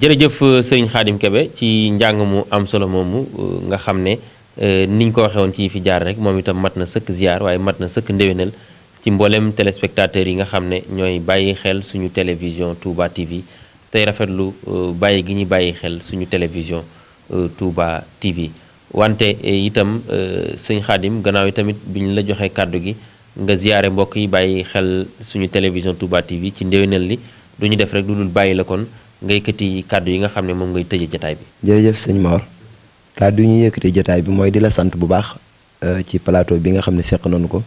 jërëjëf sëriñ Xaadim Kebe ci njàng mu am solo moomu nga xam ne Euh, niñ ko waxee woon ci fi jaar rek moom itam mat na sëkk ziar waaye mat na sëkk ndéwénal ci mbooleem téléspectateurs yi nga xam ne ñooy bàyyi xel suñu télévision Touba TV tey rafetlu euh, bàyyi gi ñuy bàyyi xel suñu télévision euh, Touba TV. wante itam sëñ Xaadim gannaaw yi tamit bi ñu la joxee kàddu gi nga ziare mbokk yi bàyyi xel suñu télévision Touba TV ci ndéwénal li du ñu def rek du dul bàyyi la kon ngay këti kàddu yi nga xam ne moom ngay tëjee jataay bi. jërëjëf sëñ Mor. kàddu yi ñu yëkkati jotaay bi mooy di la sant bu baax euh, ci palaato bi nga xam ne seq noonu ko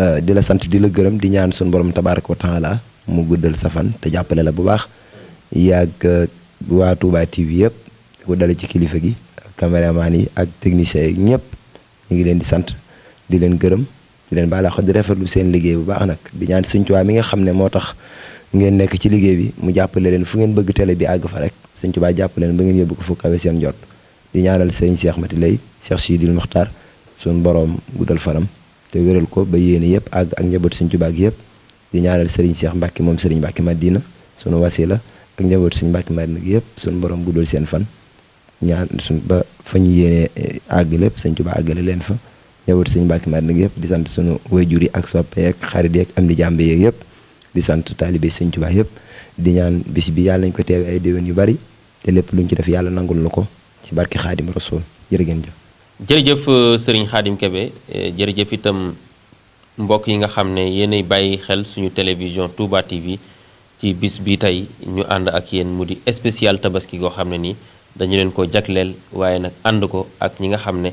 euh, di la sant di la gërëm di ñaan suñ borom tabaaraka wa taala mu guddal sa te jàppale la bu baax yàgg euh, waa Touba TV yëpp ku dale ci kilifa gi caméraman yi ak techniciens yi ñëpp ñu ngi leen di sant di leen gërëm di leen baal di seen liggéey bu baax nag di ñaan Sëñ Tuubaa nga xam ne moo tax ngeen nekk ci liggéey bi mu jàppale leen fu ngeen bëgg tele bi àgg fa rek Sëñ Tuubaa jàppale leen ba ngeen yóbbu ko fu kawe seen jot. di ñaanal sëñ Cheikh Mati Lay Cheikh Sidil Muxtaar suñu boroom guddal fanam te wéral ko ba yéene yëpp àgg ak njaboot sëñ Tuubaa gi yëpp di ñaanal sëriñ Cheikh Mbàkke moom sëriñ Mbàkke Madina sunu wasila ak njaboot sëñ Mbàkke Madina gi yëpp suñu boroom guddal seen fan ñaan suñ ba fa ñu eh, àgg lépp sëñ Tuubaa àggale leen fa njaboot sëñ Mbàkke Madina gi yëpp di sant sunu wayjur yi ak soppe yeeg xarit yeeg am di jàmbe yeeg yëpp di sant taalibe sëñ Tuubaa yëpp di ñaan bis bi yàlla nañ ko teewe ay déwén yu bari te lépp luñ ci def yàlla nangul la ko ci barke xaadim rasul jërë ngeen jërëjëf sëriñ xaadim Kebe jërëjëf itam mbokk yi nga xam ne yéenay bàyyi xel suñu télévision Touba TV ci bis bi tey ñu ànd ak yéen mu di spécial tabaski goo xam ne nii dañu leen ko jagleel waaye nag ànd ko ak ñi nga xam ne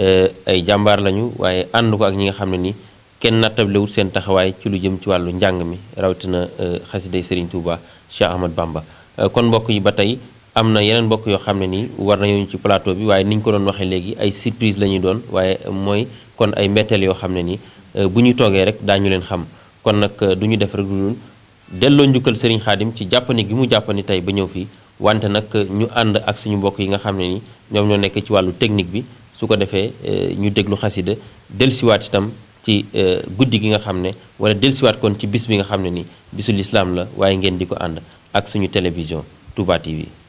euh, ay jàmbaar lañu waaye ànd ko ak ñi nga xam ne nii kenn nattablewut seen taxawaay ci lu jëm ci wàllu njàng mi rawatina euh, xasiday sëriñ Touba Cheikh Ahmad Bamba euh, kon mbokk yi ba tey. am na yeneen mbokk yoo xam ne nii war nañu ci plateau bi waaye ni ñu ko doon waxee léegi ay surprise la ñuy doon waaye mooy kon ay mbetteel yoo xam ne nii euh, bu ñu toogee rek daañu leen xam kon nag euh, du ñu def rek lu dul delloo njukkal Serigne xaadim ci jàppani gi mu jàppani tey ba ñëw fii wante nag euh, ñu ànd ak suñu mbokk yi nga xam ne nii ñoom ñoo nekk ci wàllu technique bi su ko defee ñu déglu xasida siwaat itam ci guddi gi nga xam ne wala dellusiwaat kon ci bis bi nga xam ne nii bisu lislaam la waaye ngeen di ko ànd ak suñu télévision Touba TV.